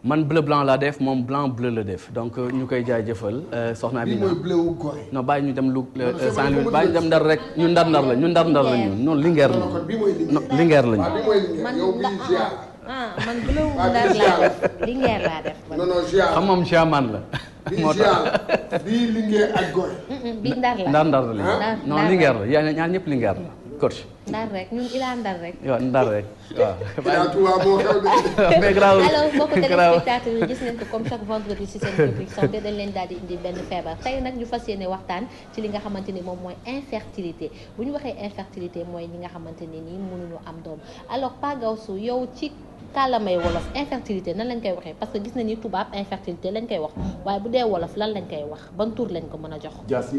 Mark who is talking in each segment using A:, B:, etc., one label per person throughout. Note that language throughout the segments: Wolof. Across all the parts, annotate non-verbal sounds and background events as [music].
A: man bleu blanc laa def moom blanc bleu la def donc euh, ñu koy jaajëfal euh, soxna bi non bàyyi ñu dem lu Saint Louis bàyyi ñu dem ndar rek ñu ndar ndar la ñu ndar ndar la ñu non lingeer la xam moom ziaman la. moo tax bii lingeer ak goy.
B: bi ndar la ndar ndar la non lingeer
A: la yaa ñaar ñëpp lingeer la. coach.
B: ndar rek ñun Ila ndar rek.
C: waaw ndar rek waaw.
B: Ila Touba boo xew de.
C: mais
A: grave
B: alors mbokk téléspectateur yi gis nañ ko comme chaque vendredi ci seen rubrique santé dañ leen daal di indi benn feebar tey nag ñu fas yéene waxtaan ci li nga xamante ni moom mooy infertilité bu ñu waxee infertilité mooy ñi nga xamante ne nii mënuñu am doom alors Pa Gaoussou yow ci. kàllamay wolof infertilité nan lañ koy waxee parce que gis na ni tubaab infertilité lañ koy wax waaye bu dee wolof lan lañ koy wax ban tur lañ ko mën a jox. jaasi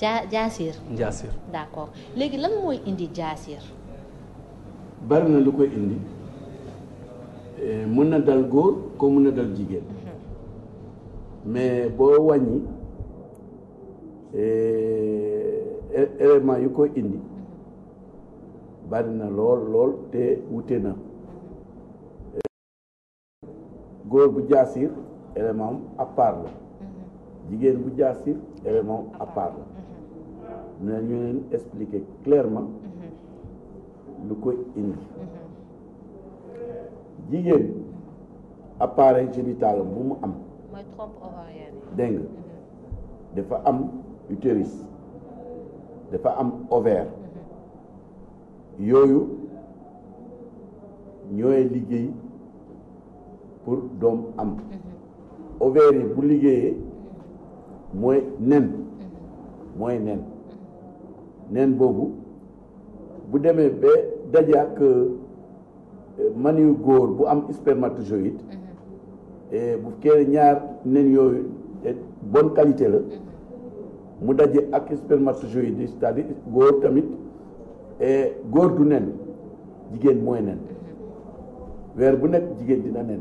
B: jaa jaasir. jaasir d'accord léegi lan mooy indi jaasir.
A: bari na lu koy indi eh, mën na dal góor ko mën na dal jigéen.
C: Mhm.
A: mais boo wàññi eh, élément yu koy indi mhm. bari na lool lool te wute na eh, góor bu jaasir élément am à la mhm. jigéen bu jaasir élément am à la nañu leen expliquer clairement mm-hmm. lu koy indi mm-hmm. jigéen appareil génital bu mu am mooy dégg nga mm-hmm. dafa am utérus dafa am over yooyu ñooy liggéey pour doom am ovaire yi bu liggéeyee mooy nen mooy nen neen boobu bu demee ba daje ak euh, maniyu góor bu am spermatozoïde mhm. bu fekkee ñaar nen yooyu bonne qualité la mhm. mu daje ak spermatozoïde c'est-à-dire góor tamit góor du nen jigéen mooy nen mhm. weer bu nekk jigéen dina nen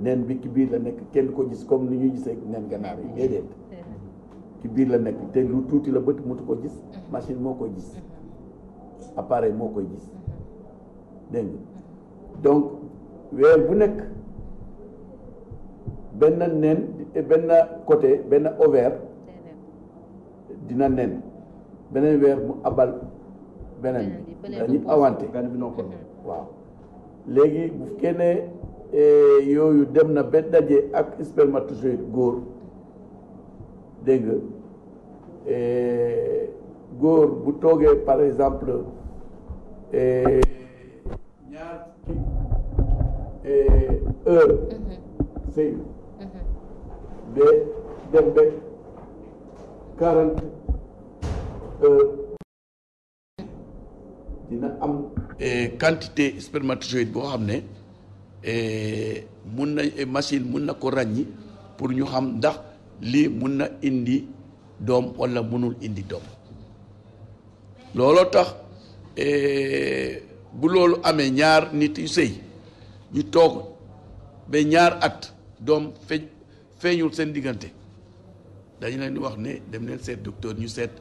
A: nen bi ki biir la nekk kenn ko gis comme ni ñuy gisee nen ganaar yi déedéet ci biir la nekk te lu tuuti la bët mënut ko gis mhm. machine moo koy gis mhm. appareil moo koy gis mhm. dégg donc weer bu nekk benn nen benn côté benn ovaire dina nen beneen weer mu abal beneen bi dañuy awante waaw léegi bu fekkee ne eh, yooyu dem na ba daje ak spermatozoïde góor dégg nga góor bu toogee par exemple ñaar heure mm-hmm. sëy de mm-hmm. dem quarante heures dina am quantité spermatozoïde boo xam ne mun na machine mun na ko ràññi pour ñu xam ndax lii mun na indi doom walla munul indi doom looloo tax eh, bu loolu amee ñaar nit yu sëy ñu toog ba ñaar at doom feeñ feeñul seen diggante dañu leen di wax ne dem leen seet docteur ñu seet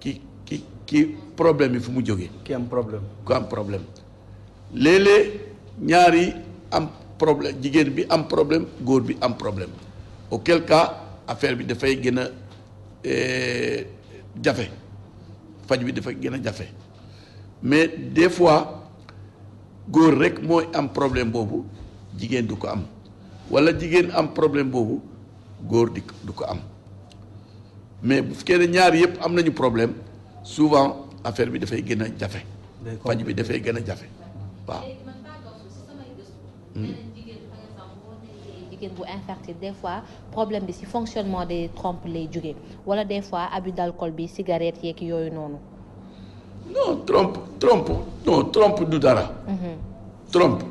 A: ki ki ki problème yi fu mu jógee. ki am problème ku am problème léeg-léeg ñaar am problème jigéen bi am problème góor bi am problème auquel cas affaire bi dafay gën a eh, jafe faj bi dafay gën a jafe mais des fois góor rek mooy am problème boobu jigéen du ko am walla jigéen am problème boobu góor di du ko am mais bu fekkee ne ñaar yëpp am nañu problème souvent affaire bi dafay gën a jafe faj bi dafay gën a jafe waaw
B: jigéen bu infertile des fois problème bi ci fonctionnement des trompes lay jóge wala des fois abus d'alcool bi cigarette yeeg yooyu noonu.
A: non trompe trompe non trompe du dara. Mhm. trompe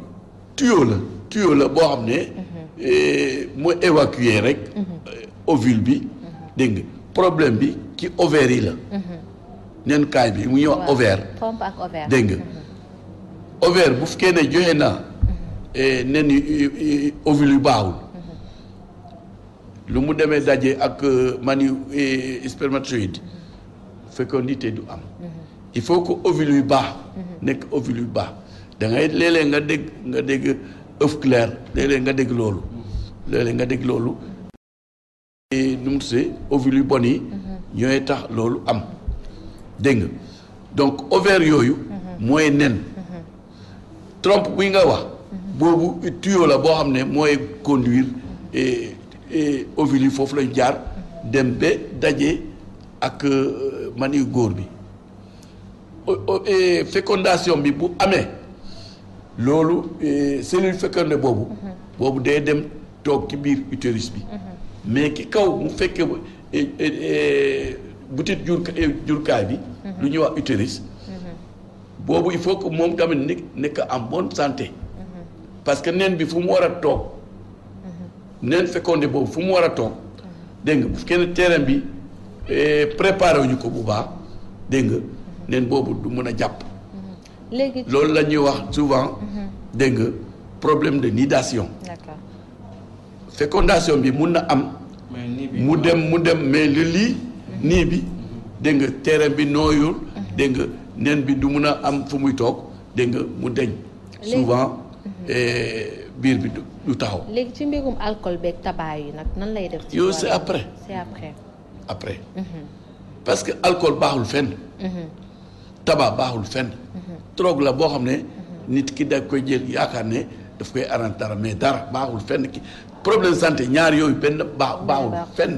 A: tuyau la tuyau la boo xam ne. mu mhm. eh, évacuer rek. Mhm. Eh, ovule bi. dégg problème bi ci ovaire yi la. nen kaay bi mu ñëw ovaire.
B: trompe ak ovaire
A: dégg nga bu fekkee ne joxe naa. Eh, nen yi ovule yu baaxul lu mu demee daje ak euh, mani eh, spermatozoïde fécondité du am il faut que ovule yu baax nekk ovule yu baax dangay ngay nga dégg nga dégg œuf clair nga dégg loolu léeg nga dégg loolu nu mu yu bon yi ñooy tax loolu am dégg donc ovaire yooyu mhm. mooy nen trompe bi nga wax boobu tuyau la boo xam ne mooy conduire ovule foofu lañ jaar dem ba daje ak euh, maniyu góor bi fécondation bi bu amee loolu cellule fécondée boobu mhm. boobu day dem toog ci biir utérus bi mhm. mais ki kaw mu fekkee butit jur jurkaay bi mhm. lu ñuy wax utérus boobu il faut que moom tamit nekk en bonne santé parce que neen bi fu mu war a toog neen fécondé boobu fu mu war a toog dégg nga bu kenn terrain bi eh, préparé wuñu ko bu baax dégg nga neen boobu du mën a jàpp loolu la ñuy wax souvent dégg nga problème de nidation fécondation bi mun na am mu dem mu dem mais li lii nii bi dégg nga terrain bi nooyul dégg nga neen bi du mun a am fu muy toog dégg nga mu deñ souvent Mhm. biir bi du taxaw.
B: léegi ci mbirum alcool beeg tabac yi nag nan lay def. ci yow c'est après c'est après. Mhm.
A: parce que alcool baaxul fen mhm. tabac baaxul fen drogue la boo xam ne. nit ki da koy jël yaakaar ne daf koy arrant dara mais dara baaxul fenn ki problème santé ñaar yooyu benn baax baaxul fenn.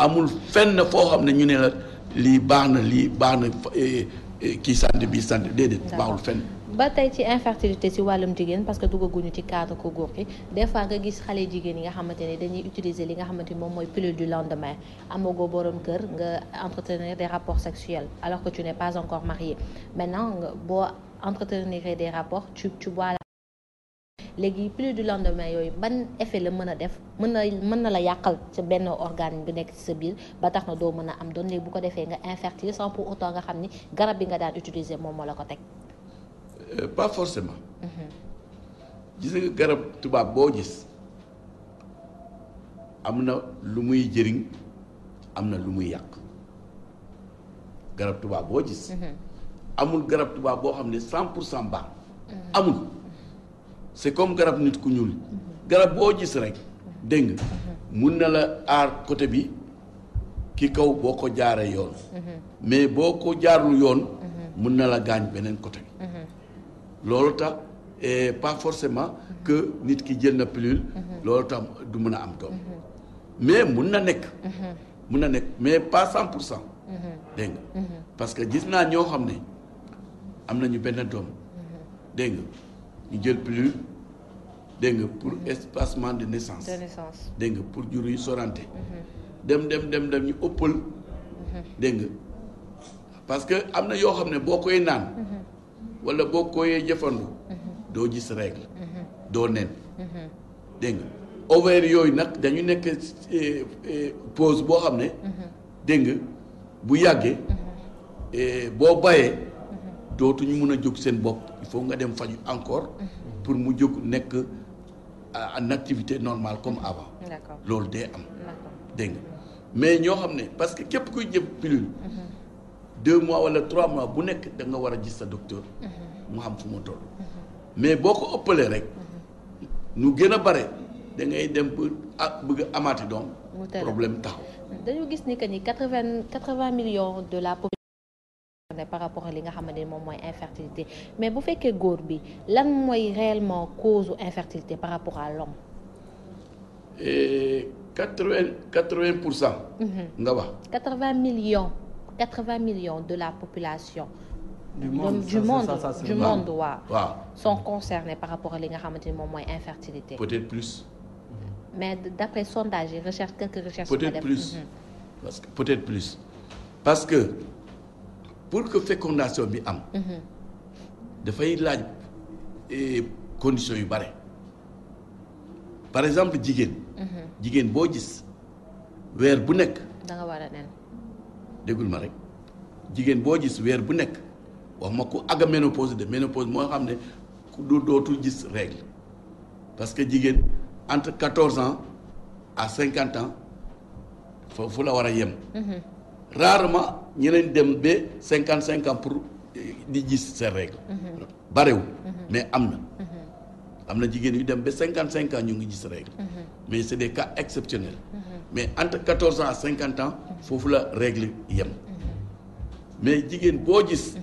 A: amul fenn foo xam ne ñu ne la lii baax na li baax na eh, eh, kii
B: santé bii santé déedéet baaxul fenn. ba tey ci infertilité si wàllum jigéen parce que duggaguñu ci cadre ko góor gi des fois nga gis xale jigéen yi nga xamante ne dañuy utiliser li nga xamante ni moom mooy pilule du lendemain amagoo borom kër nga entretenir des rapports sexuels alors que tu n'es pas encore marié maintenant nga boo entretenir des rapports tu tu bois la léegi pilule du lendemain yooyu ban effet la mën a def mën na mën na la yàqal ci benn organe bi nekk ci sa biir ba tax na doo mën a am doon léegi bu ko defee nga infertile sans pour autant nga xam ni garab bi nga daan utiliser moom moo la ko teg
A: Euh, pas forcément. Mhm. gis nga garab tubaab boo gis am na lu muy jëriñ am na lu muy yàq garab tubaab boo gis. Mhm. amul garab tubaab boo xam ne cent pour cent baax mhm. amul c'est comme garab nit ku ñuul garab boo gis rek dégg nga mun na la aar côté bi ki kaw boo ko jaaree yoon mais boo ko jaarul yoon mun na la gaañ beneen côté bi loolu tax et pas forcément que nit ki jël na pilule mhm. loolu tax du mën a am doom mhm. mais mun na nekk mhm. mun na nekk mais pas cent pour cent dégg nga parce que gis naa ñoo xam ne am nañu benn doom dégg nga ñu jël pilule dégg nga pour espacement de naissance dégg pour jur yu sorante dem dem dem ñu ëppal dégg nga que am na yoo xam ne boo koy naan wala boo koyee jëfandu mhm. doo gis règle mhm. doo nen mhm. dégg nga yooyu nag dañu nekk eh, eh, pause boo xam ne dégg nga bu yàggee eh, boo bàyyee dootuñu mun a jóg seen bopp il faut nga dem faju encore pour mu jóg nekk euh, en activité normale comme avant loolu day am dégg nga mais ñoo xam ne parce que képp kuy jëf pilule deux mois wala trois mois bu nekk da nga war a gis sa docteur mu xam fu mu toll. mais boo ko ëppalee rek. ñu gën a bare da ngay dem ba ah, bëgg amaati doom. problème taxaw.
B: dañu gis ni que ni quatre vingt quatre vingt millions de la population par rapport a li nga xamante ne moom mooy infertilité mais bu fekkee góor bi lan mooy réellement cause infertilité par rapport à l'homme
A: eh, quatre vingt quatre vingt pour cent. Mm-hmm. nga wax.
B: quatre vingt millions quatre vingt millions de la population.
A: du monde du monde du monde waaw waaw
B: sont par rapport à li nga xamante ni moom mooy infertilité peut-être plus mais d'après sondage yi recherche quelques recherches peut-être mhm.
A: parce que peut-être plus parce que pour que fécondation bi am mhm. dafay laaj eh, conditions yu bare par exemple jigéen mhm. jigéen boo gis weer bu nekk
B: da nga war a nen
A: déggul ma rek jigéen boo gis weer bu nekk wax ma ku àgg ménopause de ménopause moo xam ne ku du dootul gis règle parce que jigéen entre quatorze ans à foofu la a yem. Mhm. rarement ñeneen cinquante ans pour di mhm. Mhm. am na. am yu dem ba cinquante cinq ans ñu ngi gis règle. mais foofu la règle yem. mais jigéen boo gis.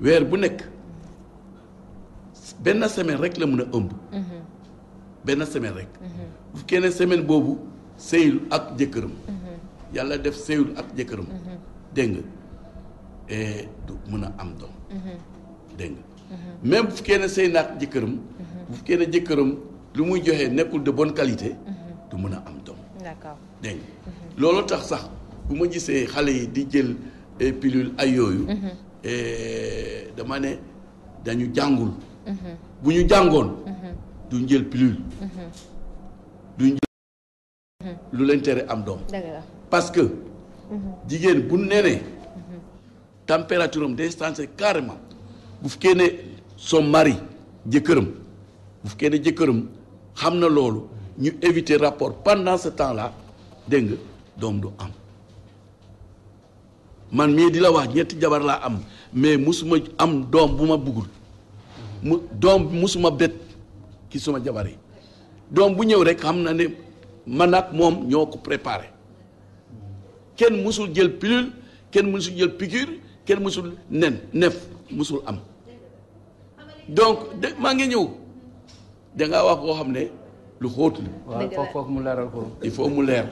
A: weer bu nekk benn semaine rek la mën a ëmb. benn semaine rek. Mhm. bu keneen semaine boobu seyul ak jëkkëram. Mhm. yàlla def seyul ak jëkkëram. Mhm. dégg eh, du mën a am doom. dégg nga même bu fekkee ne sëy na ak jëkkëram. bu fekkee ne jëkkëram lu muy joxe nekkul de bonne qualité. du mën a am doom. d'accord loolu tax sax bu ma gisee xale yi di jël pilule ay yooyu. Eh, dama ne dañu jàngul. Mhm. bu ñu jàngoon. Mhm. duñ jël pilule. Mhm. duñ
C: jël
A: lu leen tere am doom. parce que. jigéen bu nenee température am day carrément bu fekkee ne son mari jëkkëram bu fekkee ne jëkkëram xam na loolu ñu éviter rapport pendant ce temps là dégg nga doom du am. man mii di la wax ñetti jabar laa am mais musuma am doom bu ma buggul mu doom musuma bet ki suma jabar yi doom bu ñëw rek xam na ne man ak moom ñoo ko préparé kenn musul jël pilule kenn musul jël piqûre kenn musul nen nef musul am donc de maa ngi ñëw dangaa wax koo xam ne lu xóot la. waaw foofu mu leeral ko. il mu leer.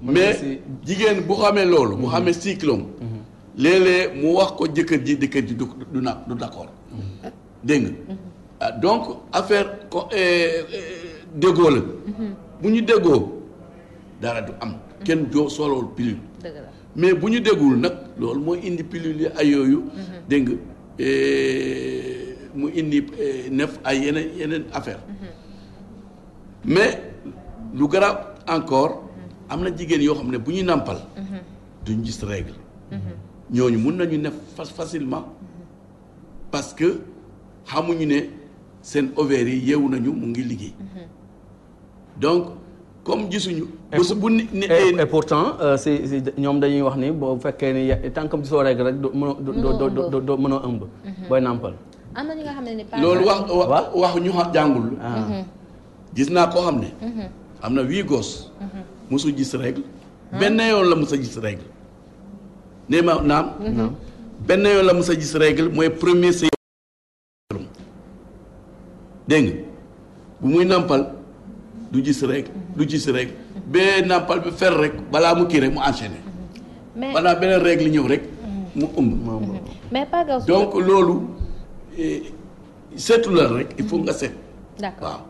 A: mais jigéen bu xamee loolu. bu mhm. xamee cycle am. Mhm. léeg-léeg mu wax ko jëkkër ji jëkkër ji du du na du d'accord. Mhm. dégg nga ah, donc affaire ko eh, eh, déggoo la. bu ñu déggoo dara du am. kenn joo solowul pilule. mais bu ñu déggul nag loolu mooy indi pilule yi ay yooyu. dégg nga eh, mu indi nef ay yeneen yeneen affaire mais lu garab encore. am na jigéen yoo xam ne bu ñu nàmpal. Mhm. duñ gis règle. Mhm. ñooñu mun nañu ne fas facilement mhm. parce que xamuñu ne seen ovaires yi yeewu nañu mu ngi liggéey. donc comme gisuñu. bés bu ni ne et euh, si si ñoom dañuy wax ni boo fekkee ni tant que soo règle rek doo mënoo ëmb. booy nàmpal.
B: loolu wax
A: wax ñu jàngul. Ah. gis naa koo xam ne. am na huit gosses. musu gis règle. benn yoon la musa gis règle. nee ma naam. Mhm. benn yoon la musa gis règle mooy premier sëy. dégg nga bu muy nàmpal du gis règle du gis règle bee nàmpal bi fer rek balaa mu kii rek mu enchaîner. mais balaa beneen règle ñëw rek. mu ëmb.
B: Mhm. donc loolu
A: eh, seetu la rek il faut nga seet. waaw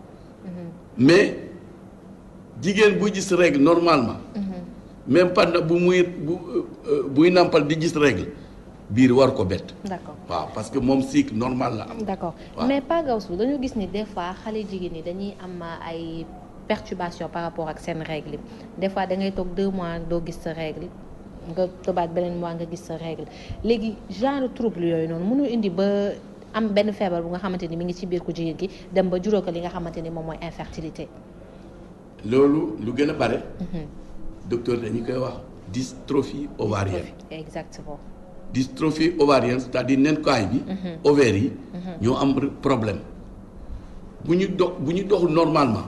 A: mhm. mais. jigéen bu gis règle normalement.
B: Mm-hmm.
A: même pas bu muy bu euh, buy nàmpal di gis règle biir war ko bett. d'accord waaw parce que moom cycle normal la am.
B: d'accord mais Pa Gaoussou dañu gis ni des fois xale jigéen ñi dañuy am ay perturbation par rapport ak seen règle yi des fois da ngay toog deux mois doo gis sa règle nga tëbaat beneen mois nga gis sa règle léegi genre trouble yooyu noonu mënul indi ba am benn feebar bu nga xamante ni mu ngi ci biir ku jigéen ki dem ba juróo ko li nga xamante ni moom mooy infertilité.
A: loolu lu gën a bare. Mhm. docteur dañu koy wax dystrophie ovarienne.
B: exactement.
A: dystrophie ovarienne c'est-à-dire nenkaay bi. Mhm. ovaire yi. Mhm. ñoo am problème bu ñu dox bu ñu doxul normalement.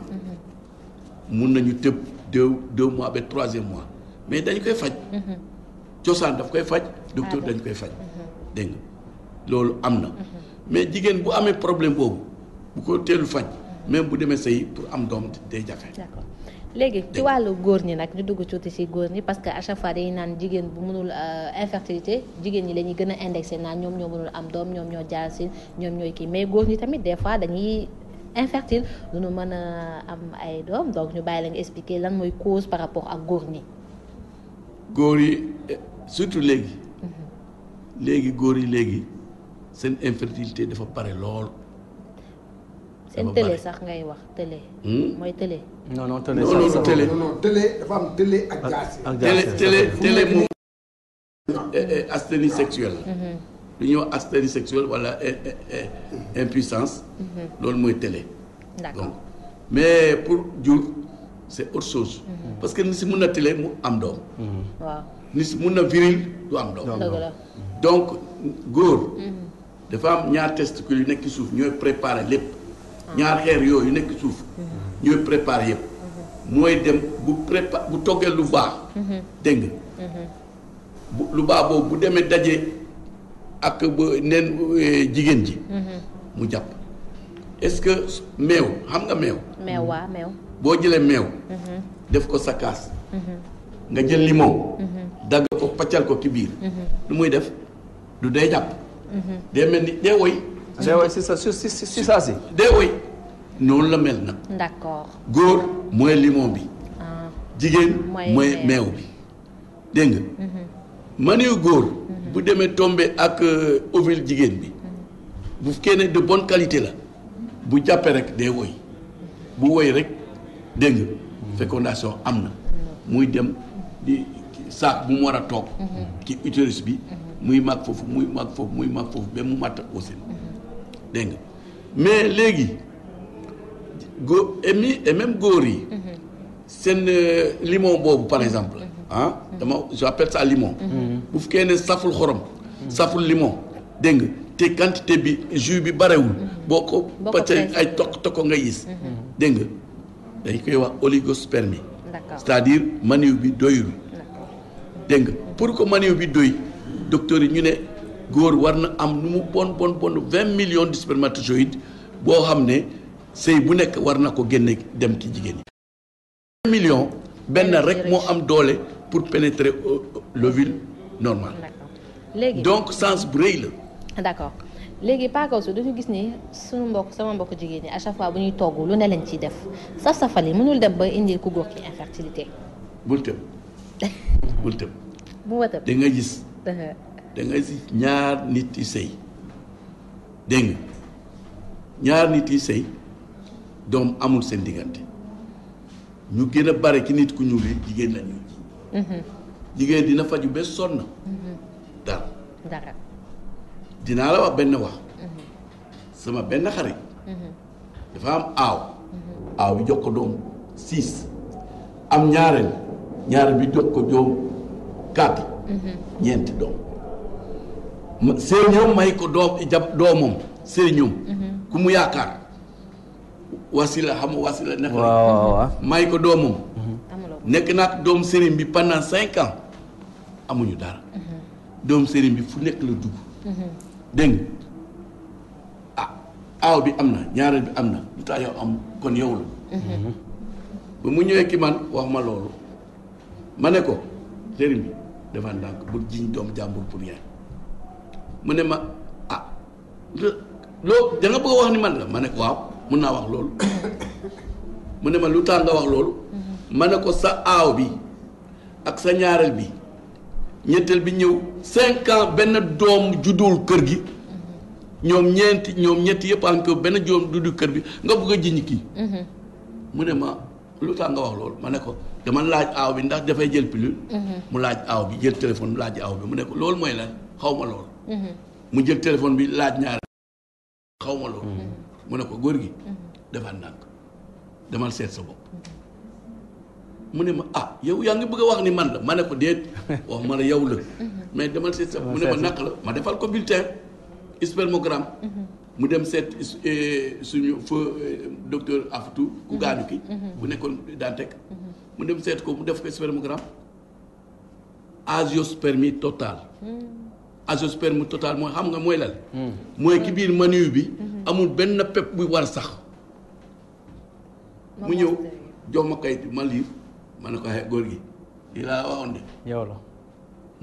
A: mun nañu tëb deux deux mois ba troisième mois mais dañ koy faj. cosaan daf koy faj. docteur ah, dañ koy faj. dégg loolu am na. mais jigéen bu amee problème boobu bu ko teelu faj. même bu demee sëy pour am doom day jafe.
B: léegi ci wàllu góor ñi nag ñu dugg tuuti ci góor ñi parce que à chaque fois dañuy naan jigéen bu mënul euh, infertilité jigéen ñi la ñuy gën a indexé naan ñoom ñoo mënul am doom ñoom ñoo jaar si ñoom ñooy kii mais góor ñi tamit des fois dañuy infertile du ñu mën a am ay doom donc ñu bàyyi la nga expliquer lan mooy cause par rapport ak góor ñi.
A: góor yi eh, surtout léegi. Mhm. léegi góor yi léegi seen infertilité dafa pare lool. seen télé
B: sax ngay wax télé. Hmm? mooy télé.
A: non télé télé télé dafa asthénie sexuelle. Mm-hmm. lu ñuy wax asthénie sexuelle wala eh, eh, eh, mm-hmm. impuissance. Mm-hmm. loolu mooy télé. d'accord mais pour jur c'est autre chose. parce que ni si mun na télé mu am doom. waaw ni si mun na viril du am doom. donc góor. dafa am ñaar testicule yu nekk ci suuf ñooy préparer lépp. ñaar xeer yooyu nekk suuf ñooy préparé yëpp mooy dem bu prépa bu toggee lu baax dégg bu lu baax boobu bu demee daje ak ba neen e, jigéen ji mu jàpp est-ce que meew xam nga meew
B: meew waa meew
A: boo jëlee meew def ko sa kaas nga jël limon dagg ko paccal ko ci lu muy def du dee jàpp dee mel ni dee eh woy day woy si sa si saa si. day woy noonu la mel nag. góor mooy limon bi. Ah. jigéen mooy meew bi dégg nga. Mhm. góor. Mhm. bu demee tombé ak euh, ovule jigéen bi. Mhm. bu kenn de bonne qualité la. bu jàppee rek day woy bu woy rek dégg nga am na. muy dem di bu mu war a toog. ci utérus bi. muy màgg foofu muy màgg foofu muy màgg foofu ba mu màtt aussi. dégg mais léegi go emi et góor yi. Mhm. seen euh, limon boobu par exemple. Mhm. ah dama j'appelle ça limon. Mhm. bu fekkee ne saful xorom. saful limon dégg nga te quantité bi jus bi barewul. boo ko pàccee ay tokk tokko nga gis. dégg dañ koy wax oligospermie. c'est-à-dire maniw bi doyul. dégg pour que maniw bi doy docteur yi ñu ne. góor war na am nu mu bon bon bon vingt millions de spermatozoïdes boo xam ne sëy bu nekk war na ko génne dem ci jigéen yi. vingt millions benn rek moo am doole pour pénétrer euh, l'ovule normal. léegi donc sens bu rëy la.
B: d'accord léegi Pakaw su dañu gis ni suñu mbokk sama mbokk jigéen ñi à chaque fois bu ñuy togg lu ne lañ ciy def saf safal yi mënul dem ba indil ku góor ki infertilité.
A: bul tëb [laughs] bul tëb.
B: bu nga gis. [laughs] Uh-huh.
A: da nga si ñaar nit yi sëy dégg nga ñaar nit yi sëy doom amul seen diggante ñu gën a bare ci nit ku ñuul yi jigéen la ñu mhm. jigéen dina faju ba sonn mhm. dara dinaa la wax benn wax mhm. sama benn xarit dafa am aaw aaw bi jox ko doom six am ñaareel ñaareel bi jox ko doom quatre ñeenti doom sëriñam may ko doom jab doomam sëriñam mhm. ku mu yaakaar wasila xam wasila nekk may ko doomam mhm. nekk doom sëriñ bi pendant cinq ans amuñu dara mhm. doom sëriñ bi fu nekk la dugg dégg ah aaw bi am na ñaareel bi am na lu tax yow am kon yow la ba mu ñëwee ki man wax ma loolu ma ne ko sëriñ bi dafa ndànk bu jiñ doom jàmbur pour yaay mu ne ma ah loo da nga bëgg wax ni man la ma ne ko waaw mun naa wax loolu [coughs] mu ne ma lu tax nga wax loolu mm-hmm. ma ne ko sa aaw bi ak sa ñaareel bi ñetteel bi ñëw cinq ans benn doom juddul kër gi mm-hmm. ñoom ñeenti ñoom yëpp am benn doom juddu kër bi nga bëgg a jiñ
C: mm-hmm.
A: ne ma lu tax wax loolu ma ne ko dama laaj aaw bi ndax dafay jël pilule mu laaj aaw bi jël téléphone laaj aaw bi mu ne ko loolu mooy la xaw ma loolu mu jël téléphone bi laaj ñaar xaw ma loolu mm-hmm. mu ne ko góor gi mm-hmm. defal nànk demal seet sa bopp mu ne ma ah yow yaa ngi bëgg a wax ni man la ma ne ko déet [laughs] wax ma la yow la mm-hmm. mais demal seet sa mu ne ma naka la ma defal ko bulletin spermogramme mu dem seet eh, suñu fa eh, docteur Aftou ku gaañu ki bu nekkoon Dantec mu dem seet ko mu def ko spermogramme aziospermie totale azoosperme total mooy xam nga mooy lal mooy ki biir manu bi amul benn pepp bu war sax mu ñëw jox ma kayit bi ma liir ma ne ko xee eh, góor gi lii laa waxoon de yow la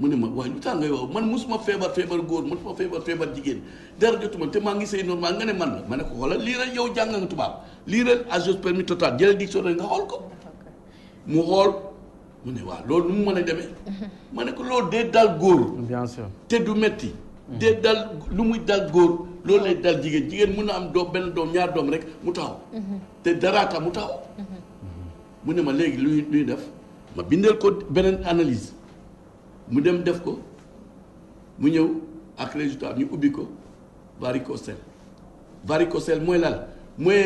A: ne ma waaye lu tax man musuma feebar feebar góor musuma feebar jigéen dara jotuma maa ngi sëy normal nga ne man la ma ne ko xoolal liiral yow jàng nga tubaab liiral azoosperme total jëlal dictionnaire nga xool ko mu xool mu ne waaw loolu nu mu mën a demee. ma ne ko loolu dee dal góor. te du metti dee dal lu muy dal góor loolu lay dal jigéen jigéen mun na am doom benn doom ñaar doom rek mu taxaw. te daraata mu taxaw. mu ne ma léegi lu luy def ma bindeel ko beneen analyse mu dem def ko mu ñëw ak résultat ñu ubbi ko varicocèle varicocèle mooy lal mooy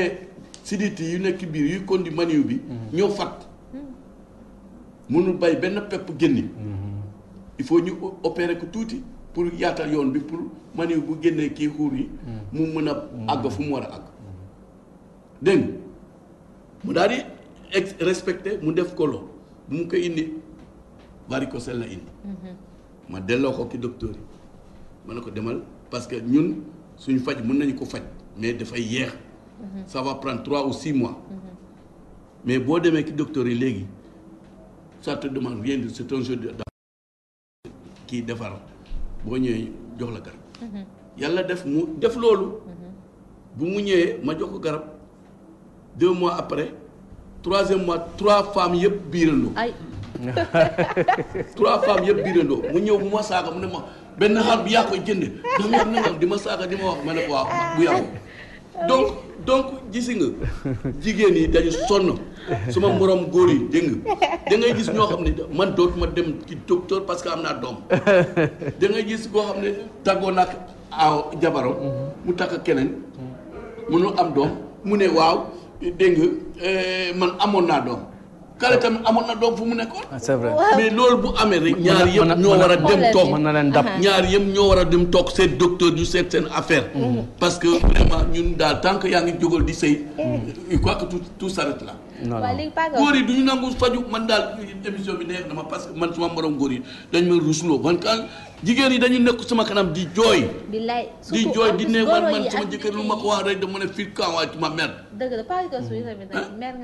A: siditi yu nekk biir yuy kondi maniw bi mhm. ñoo fat mënul bay benn pepp génni mm-hmm. il faut ñu opérer ko tuuti pour yaatal yoon bi pour ma ne bu génnee kii xuur yi mm-hmm. mu mën a mm-hmm. àgg fu mu war a àgg dégg mu daal di ex respecté mu def kolo loolu bu mu ko indi varicocèle la
C: indi
A: ma delloo ko ki docteur yi ma ne ko demal parce que ñun suñu faj mën nañu ko faj mais dafay yeex ça va prendre trois ou six mois mais boo demee ki docteur yi léegi ça te demande rien de c'est un kii defar boo ñëwee jox la garab. Mhm. yàlla def mu def loolu. Mhm. bu mu ñëwee ma jox ko garab deux mois après troisième mois trois femmes yëpp biirandoo. ay [laughs] trois femmes yëpp biirandoo mu ñëw mu ma saaga mu ne ma benn xar bi yaa koy jënd da nga ne di ma saaga di ma wax ma ne ko waaw bu yàqu [laughs] donc. donc gisi nga jigéen yi dañu sonn suma morom góor yi dégg nga da ngay gis ñoo xam ne man dootuma dem ci docteur parce que am naa doom da ngay gis boo xam ne tàggoo nag aw jabaro mu takk keneen mm. mënu am doom mu ne waaw dégg nga eh, man amoon naa doom kale tamit amoon na doom fu mu nekkoon. Ah, mais loolu bu amee rek. ñaar yëpp ñoo war a dem toog mën na leen dab ñaar yëpp ñoo war a dem toog seen docteur yu seet seen affaire. Mhm. parce que vraiment ñun daal tant que yaa ngi jógal di sëy. je mhm. crois que tout tout s'arrête waaw léegi Paa góor yi du ñu nangu faju man daal émission bi neex na ma parce que man suma morom góor yi dañ ma rusloo man kan jigéen yi dañu nekk sama kanam di jooy.
B: billaay di di ne man
A: jëkkër lu ma ko wax rek dama ne fii kan waaye ci ma mer.
B: dëgg la Paa hmm? yi tamit mer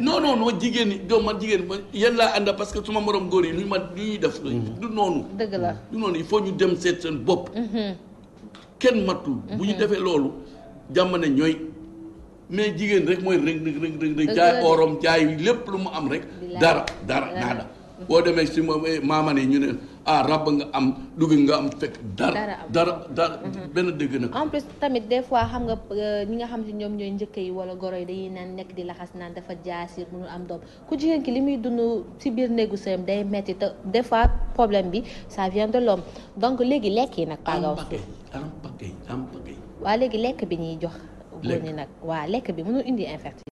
B: ah,
A: jigéen ñi doo man jigéen man yéen laa ànda parce que suma moroom góor yi lu ma lu ñuy def. Hmm.
B: du noonu. dëgg la
A: du noonu il faut ñu dem seet seen bopp. Hmm, kenn matul. bu ñu defee loolu jàmm ne ñooy. mais jigéen rek mooy rëng rëng rëng jaay orom jaay lépp lu mu am rek dara dara naada boo demee si eh, maaman ñu ne ah rab nga am dugg nga am fekk dara dara dara mhm. benn dëgg na en
B: tamit des fois xam nga euh, ñi nga xam si ñoom ñooy njëkk yi wala goro yi dañuy naan nekk di laxas naan dafa jaasir mënul am doom ku jigéen ki li muy dund si biir néegu sëyam day metti te des fois problème bi sa vient de l'homme donc léegi lekk yi nag pagaw
A: am pagay am pagay
B: waa léegi lekk bi ñuy jox jigéen ñi nag waa lekk bi mënul indi infertilité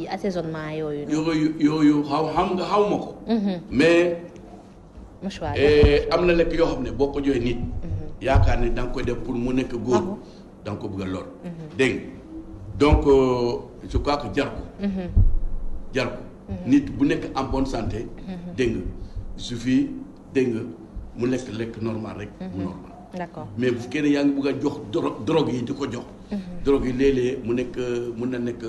B: yi assaisonnement
A: yooyu yooyu xaw xam nga xaw ma ko mhm. mais eh, am na lekk yoo xam ne boo ko joxee nit mhm. yaakaar ne da nga koy def pour mu nekk góor ah da nga ko bëgg a lor mhm. donc euh, je crois que jar ko jar ko nit bu nekk en bonne santé dégg nga suffit dégg nga mu lekk lekk normal rek mu normal d'accord mais bu fekkee ne yaa ngi bëgg a jox drogue yi di ko jox. Mhm. drogue yi léeg-léeg mu nekk mun na nekk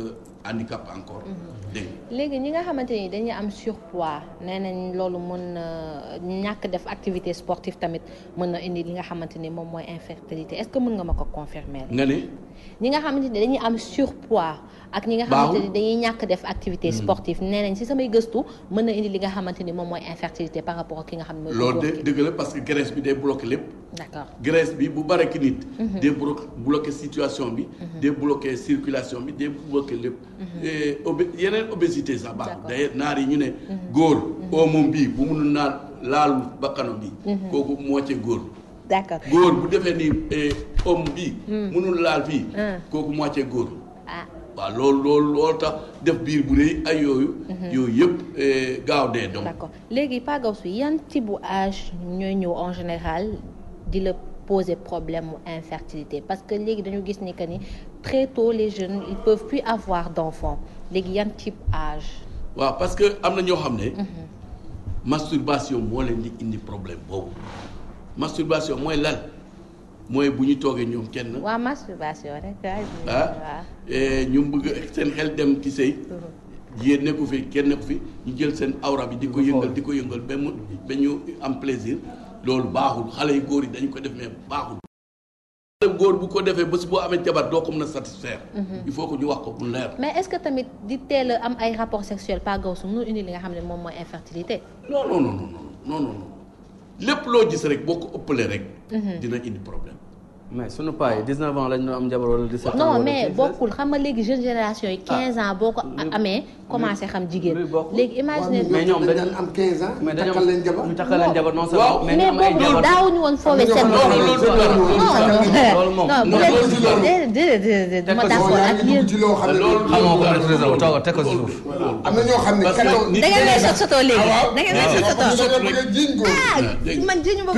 A: handicap encore. Mhm.
B: léegi ñi nga xamante ni dañuy am surpoids nee nañ loolu mën na ñàkk def activité sportive tamit mën na indi li nga xamante ni moom mooy infertilité est-ce que mën nga ma ko confirmer. nga ne. ñi nga xamante ni am surpoids. ak ñi nga xamante ni dañuy ñàkk def activité hmm. sportive nee nañ si samay gëstu mën na indi li nga xamante ni moom mooy infertilité par rapport loolu de
A: dëgg la parce que graisse bi day bloqué lépp d'accord graisse bi bu bare ki nit hmm. day bloqué situation bi hmm. day bloqué circulation bi day bloqué lépp ob yeneen obésité sax baax d'ailleurs naar yi ñu ne góor oo moom bii bu mënul naan laalu bakkanam bi kooku moo ci góor
B: d'accord góor
A: bu defee ni homme eh, bi mënul laal fii kooku moitié góor ah. waaw loolu loolu loolu tax def biir bu rëy ay yooyu. Mhm. yooyu yëpp eh, gaaw dee donc. d'accord
B: léegi Paa Gaoussou yan type bu âge ñooy ñëw en général di la poser problème mu infertilité parce que léegi dañu gis ni que ni très tôt les jeunes ils peuvent plus avoir d'enfants léegi yan type âge.
A: waaw parce que am na ñoo xam ne. Mhm. masturbation moo leen di indi problème boobu masturbation mooy lan. mooy bu ñu toogee ñoom kenn. waaw
B: masturbation rek. ah, ah
A: eh, ñu bëgg seen xel dem ci sëy jigéen mm-hmm. nekku fi kenn nekku fi ñu jël seen awra bi di ko yëngal di ko yëngal ba mu ñu am plaisir loolu baaxul xale yu góor yi dañu ko def mais baaxul. xale góor bu ko defee bés boo amee jabar doo ko mën a satisfaire. Mm-hmm. il faut que ñu wax ko mu
B: mais est-ce que tamit di teel am ay rapports sexuels par gosu mu indi li nga xam ne moom mooy infertilité. non non non
A: non lépp loo gis rek boo ko ëppalee rek. Mhm. dina indi problème. mais sunu paa yi 19 ans lañu am jabar wala 17 ans non mais
B: bokkul xam nga léegi jeune génération yi 15 ans boo ko amee commencé xam jigéen. léegi imaginer mais ñoom dañu am
A: 15 ans. mais dañoo takkal leen jabar ñu takkal leen jabar non seulement mais ñu am ay jabar daawuñu woon foofee seen bopp. loolu moom non
B: déedéet dama d'accord ak yéen loolu xamoo
A: ko maîtriser wu
C: toog teg ko si suuf.
B: am na ñoo xam ne keroog da ngeen may sot sotoo léegi
A: da ngeen may sot sotoo ah man jiñu ma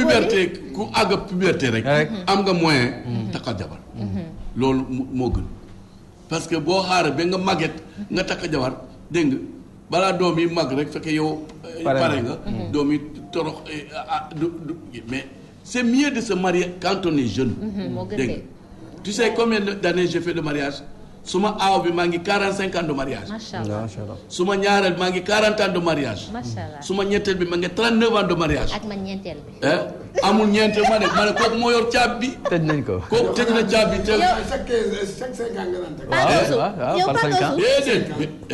A: ku àgg puberté rek. am nga moyen. takkal jabar. loolu moo gën parce que boo xaaree ba nga magget nga takk jabar dégg nga balaa doom yi màgg rek fekk yow. Eh, pare nga mm-hmm. Mm-hmm. doom yi torox eh, ah, ah, du mais c'est mieux de se marier quand on jeune. Mm-hmm. dégg nga tu sais combien d'années de mariage. suma aaw bi maa ngi 45 ans de mariage. macha allah suma ñaareel maa ngi 40 ans de mariage.
B: macha allah
A: ñetteel bi maa ngi 39 ans de mariage.
B: ak man ñeenteel bi. Eh?
A: amul ñeent ma ne ma kooku moo yor caab bi. tëj nañ ko kooku tëj na caab bi. yow yow par cinq ans. Eh,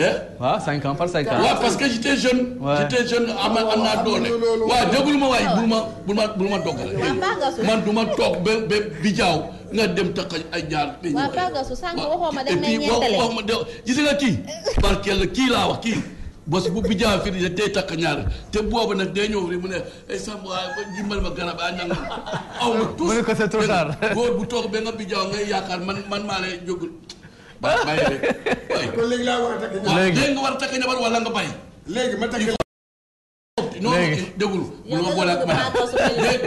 A: eh? waaw cinq ans par cinq parce que j'étais jeune. j'étais am naa doole. waaw déglu ma waay bul ma bul ma bul ma doggale. du ma toog ba ba jaaw nga dem takk ay jaar.
B: waaw Pagasu sànq waxoo ma dem nañ ñeentale
A: et nga kii. [laughs] barkeel kii laa kii. bos bu bi jaa firi tey takk ñaar te boobu nag day ñëw rek mu ne ay eh, sàmm waaye ah, dimbal ma garab a ah, nangam aw ma tous mu ne ko c'est bu toog ba nga bi jaaw ngay yaakaar man man maa lay jógul bàyyi léegi laa war a takk ñaar léegi nga war a takk ñaar wala nga bàyyi léegi ma takk non dégul bul ma boole ak madame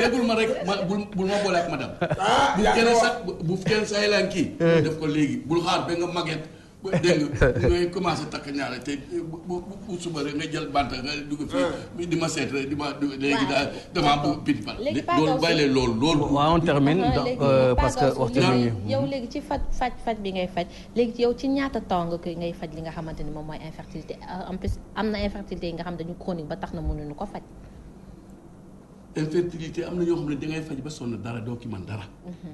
A: dégul ma rek ma bul ma boole ak madame ah, bu kenn sa bu kii def ko léegi bul xaar ba nga màgget [laughs] dégg nga ñooy commencé takk ñaare te bu bu ma seet rek di ma léegi daal damaa bëgg pit ba. loolu bàyyi leen loolu loolu. waaw on termine euh, parce que waxtu bi yow
B: léegi ci faj faj faj bi ngay faj léegi yow ci ñaata temps nga ngay faj li nga xamante ni moom mooy infertilité euh, en plus am na infertilité yi nga xam dañu chronique ba tax na mënuñu ko faj.
A: infertilité am na yoo xam ne dangay faj ba sonn dara doo ki man dara. Mhm.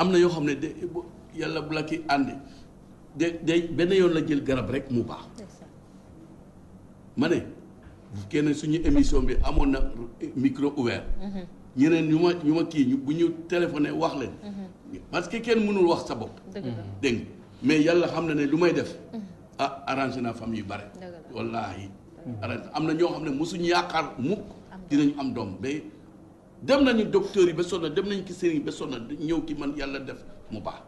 A: am na yoo xam ne de yàlla bu la ki àndee. de day benn yoon la jël garab rek mu baax. ma ne. kenn suñu émission bi amoon na micro ouvert. Mm-hmm. ñeneen ñu ma ñu ma kii ñu bu ñu téléphoné wax leen. Mm-hmm. parce que kenn mënul wax sa bopp. Mm-hmm. dégg mais yàlla xam na ne lu may def. ah arrangé naa famille yu bare. wallaahi. arrangé am na ñoo xam ne mosuñu yaakaar mukk dinañ am doom ba dem nañu docteur yi ba sonna dem nañu ki sëriñ ba sonna ñëw ki man yàlla def mu baax.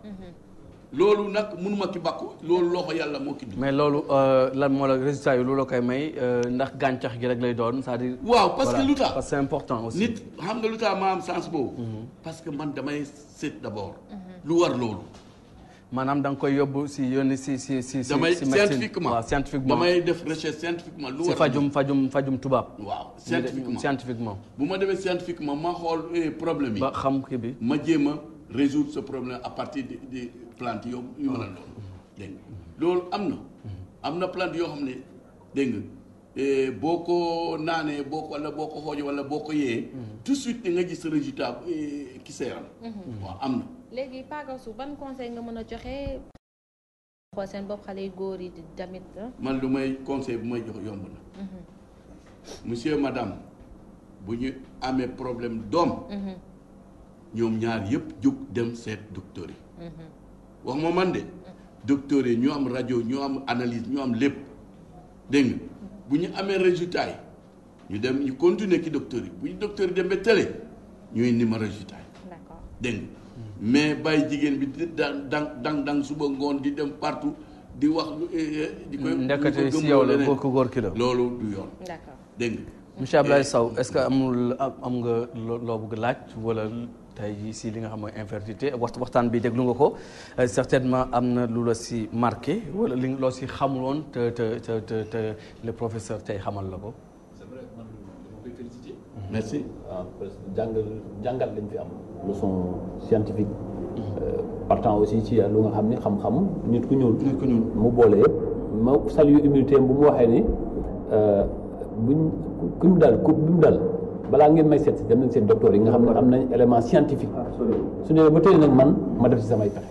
A: loolu nag mënuma ci bàkku loolu loxo yàlla moo ki. mais loolu euh, lan moo la résultat yi lu la koy may euh, ndax gàncax gi rek lay doon cest dire waaw parce que lu tax parce que important aussi. nit xam nga lu tax ma am sens boobu. Mhm. parce que man damay seet d'abord. Mhm. lu war loolu. maanaam da nga koy yóbbu si yónni si si si. si damay scientifiquement waaw scientifiquement damay def recherche scientifiquement. lu war si fajum fajum fajum tubaab. waaw scientifiquement scientifiquement. bu ma demee scientifiquement ma xool eh, problème yi. ba xam kii bi ma jéem a résoudre ce problème à partir de plante yoo a doon dégg nga loolu am na am na plante yoo xam ne dégg eh, boo ko naanee boo ko wala boo ko xoojee wala boo ko yee tout de suite nga gis résultat eh, ki sa
B: waaw am na léegi Pagasu ban conseil nga mën a joxe xool seen bopp xale yu góor yi tamit ah?
A: man lu may conseil bu may jox yomb na monsieur madame bu ñu amee problème doom mhm. ñoom ñaar yëpp jóg dem seet docteur yi mhm. wax ma man de docteurs yi ñu am rajo ñoo am analyse ñoo am lépp dégg nga bu ñu amee résultat yi ñu dem ñu continuer ki docteurs yi bu ñu docteurs yi dem ba télé ñooy ni ma résultat yi. d'accord dégg mais bàyyi jigéen bi di daan dang dang suba ngoon di dem partout di wax. Eh, eh, di koy ndekete si yow la góor ko góor loolu du yoon. d'accord dégg nga. monsieur Abdoulaye Sow est-ce que amul am nga loo bëgg laaj wala. tey jii si li nga xam mooy infertilité waxtaan bi déglu nga ko euh, certainement am na lu la si marqué wala li loo si xamuloon te te te le professeur tey xamal la ko.
D: c'est vrai mhm. ah, jàngal lañ fi am. leçon scientifique. Mhm. Euh, partant aussi ci lu nga xam ne xam-xam. nit ku ñuul ku ñuul mu boole yëpp. ma salu humilité bu mu waxee ni euh, buñ ku ñu dal ku bi dal. balaa ngeen may seet si dem nañ seen docteur yi nga xam ne am nañ élément scientifique su dee ba tey nag man ma def si samay pexe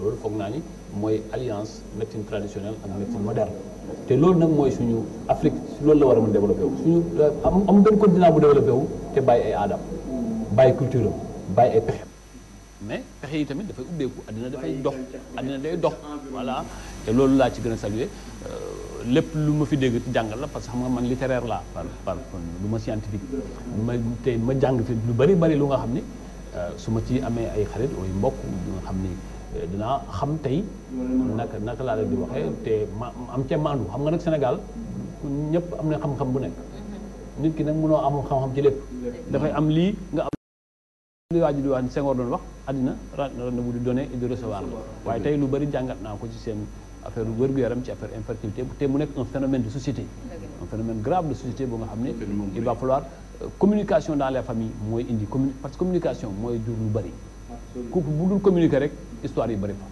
D: loolu foog naa ni mooy alliance médecine traditionnelle ak médecine moderne te loolu nag mooy suñu Afrique loolu la war a mën développé wu suñu euh, am am benn continent bu développé wu te bàyyi ay aadam bàyyi culture am bàyyi ay pexe mais pexe yi tamit dafay ubbeeku addina dafay dox addina day dox voilà te loolu laa ci gën a saluer lépp lu ma fi dégg jàngal la parce que xam nga man littéraire laa par par lu ma scientifique ma tey ma jàng fi lu bari bari lu nga xam ne euh, su ma ci amee ay xarit ooy mbokk lu nga xam ni euh, dinaa xam tey naka naka laa leen di waxee te ma am ca maandu xam nga nag Sénégal ñëpp am na xam-xam bu nekk nit ki nag munoo amul xam-xam ci lépp dafay am lii nga am li waa ji di wax Senghor doon wax àddina rendez-vous di donner et de la waaye tey lu bari jàngat naa ko ci seen affaire wér-gu-yaram ci affaire infertilité te mu nekk un phénomène de société un phénomène grave de société boo nga xam ne il va falloir euh, communication dans les familles mooy indi communi parce que communication mooy jur lu bëri couple bu dul communiquer rek histoire yi bëri fa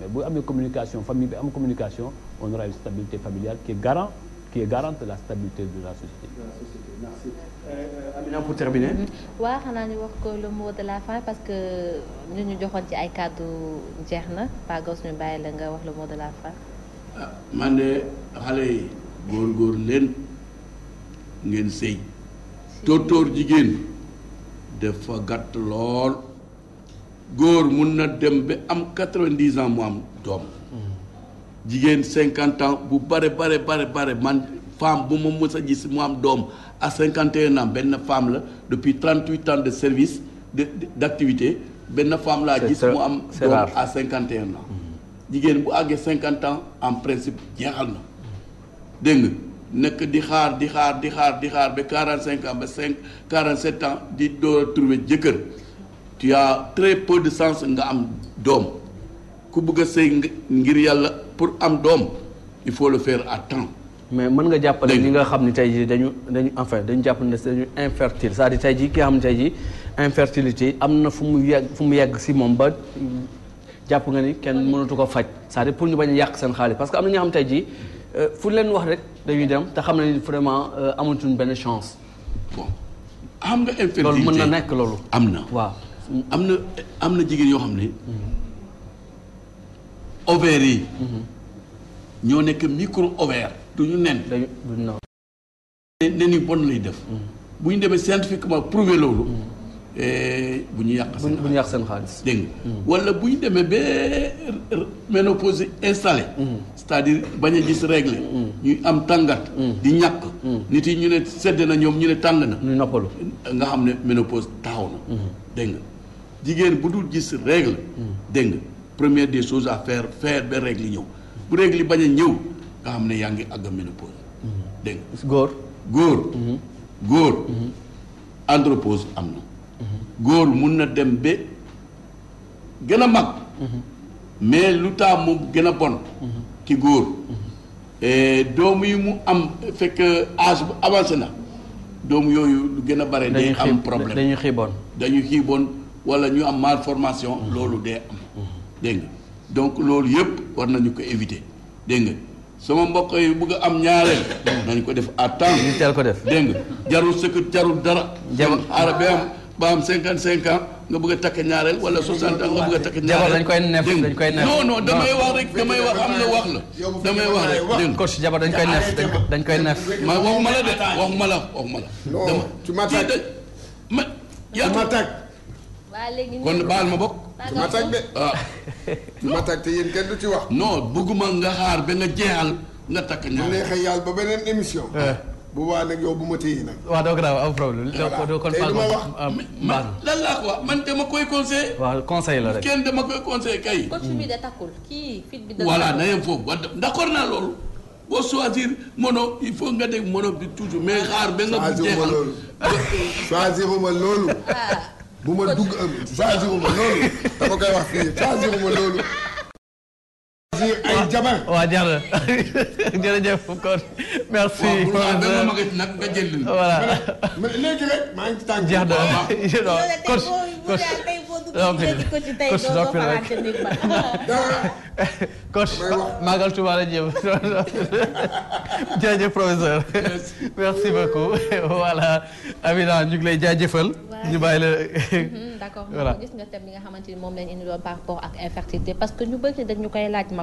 D: mais bu amee communication famille bi am communication on a une stabilité familiale qui est garante la stabilité de la
B: société. Euh, Amina pour terminer. Mm-hmm. waaw xanaa ñu wax ko le mot de la fin parce que ni ñu joxoon ci ay kàddu jeex na Pagos ñu bàyyi la nga wax le mot de la fin. Ah,
A: man de xale yi góor-góor leen ngeen sëy tóortóor jigéen dafa gàtt lool góor mun na dem ba am quatre-vingt-dix ans mu am doom. Mm-hmm. jigéen cinquante ans bu bare bare bare bare femme bu ma mës a gis mu am doom à 51 ans benn femme la depuis 38 ans de service de d'activité benn femme laa gis mu am doom à 51 ans jigéen bu àggee 50 ans en principe jeexal na dégg nga nekk di xaar di xaar di xaar di xaar ba 45 ans ba 5 cinq ans di door a trouver jëkkër tu très peu de sens nga am doom ku bëgg a sëy ngir yàlla pour am doom il faut le faire à temps mais mën nga jàppale ñi nga xam ni tey jii dañu dañu enfin dañu jàpp ne dañu infertile c'est-à-dire tey jii ki nga xam ne tey jii infertilité am na fu mu yàgg fu mu yàgg si moom ba jàpp nga ni kenn mënatu ko faj cest à pour ñu bañ a yàq seen xaalis parce que am na ñoo xam tey jii euh, fu leen wax rek dañuy dem te xam ne vraiment euh, amatuñ benn chance. bon xam nga infertilité loolu mën na nekk loolu. am na waaw. am na am na jigéen yoo xam ne. ovaires yi. Mhm. ñoo nekk micro ovaire. du ñu nen. du ñu nen yi bon lay def. Mm. bu ñu demee scientifiquement prouver loolu. Mm. Eh, bu ñu yàq seen bu seen xaalis. dégg nga mm. wala bu ñu demee ba ménopause installé. bañ a gis réglé. ñuy am tàngat. di ñàkk. nit yi ñu ne sedd na ñoom ñu ne tàng na. ñu noppalu nga xam ne ménopause taxaw na. dégg nga jigéen bu dul gis réglé. dégg nga première des choses à faire faire ba réglé ñëw bu réglé bañ a ñëw. nga xam ne yaa ngi àgg ménopause. Mhm. dégg nga góor. góor. Mhm. góor. Mhm. andropause am na. góor mun na dem ba gën a mag. mais lu taa mu gën a bon. ci góor. Eh, doom yi mu am fekk âge bu avancé na doom yooyu lu gën a bare. day xam problème dañuy xiiboon dañuy xiiboon wala ñu am formation loolu day am. dégg donc loolu yëpp war nañu ko éviter dégg nga. sama mbokk yi bëgg a am ñaareel. nañ ko def à temps. ñu teel ko def dégg nga jarul sëkk jarul dara. jabar xaaral ba am ba am cinquante nga bëgg a takk ñaareel wala soixante ans nga bëgg a takk ñaareel. jabar dañ koy neef dañ koy neef non non damay wax rek damay wax am na wax la. damay wax rek dégg nga coach jabar dañ koy neef dañ koy neef. ma waxuma la de ma la waxuma la. non tu ma tàgg ma yaa
B: kon baal ma bokk. ma tag de
A: waaw ah. [laughs] ma tag te yéen kenn du ci wax non bëgguma nga xaar ba nga jeexal nga takk ñaar neexee yàlla ba beneen émission eh. bu boobaa nag yow bu ma téye nag waaw doo ko daaw am problème doo kon tey du ma wax ah, man lan laa ko wax man dama koy conseil
C: waaw conseil la rek
A: kenn dama koy conseil kay coach bi da takkul kii fit bi da voilà na yem foofu wa d'accord naa loolu boo choisir mono il faut nga dégg mono bi toujours mais xaar ba nga bu jeexal
C: [laughs]
A: choisiruma loolu ah. bu ma dugg changé wu ma loolu dama koy wax fii changé wu ma loolu si ay jabar waaw jar na jërëjëf kon merci. waaw bu ma nag nga jël voilà léegi rek maa ngi ci tànk. jeex na [laughs] kon kon kon [laughs] [laughs] Magal Touba la jëm jërëjëf professeur. merci beaucoup voilà Amina ñu ngi lay jaajëfal. ñu bàyyi la mhm,
B: d'accord gis nga thème bi nga xamante ni moom lañ indi doon par rapport ak infertilité parce que ñu bëri dañu koy laaj ma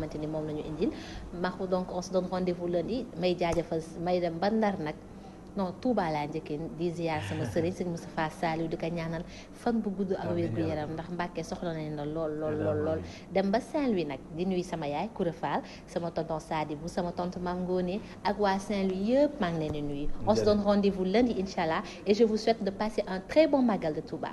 B: xamante ni moom la ñu indil maxu donc on se donne rendez-vous lundi may jaajëfal may dem ba Ndar nag non laa njëkkee di ziar sama sëriñ sëñ Moustapha Saliou di ko ñaanal fan bu gudd ak wér gu yaram ndax Mbàkke soxla nañ la lool lool lool lool dem ba Saint-Louis nag di nuyu sama yaay Koura Fall sama tonton Sadibou sama tonton Mame Ngoné ak waa Saint-Louis yëpp maa ngi leen di nuyu on se donne rendez-vous lundi incha allah et je vous souhaite de passer un très bon magal de Touba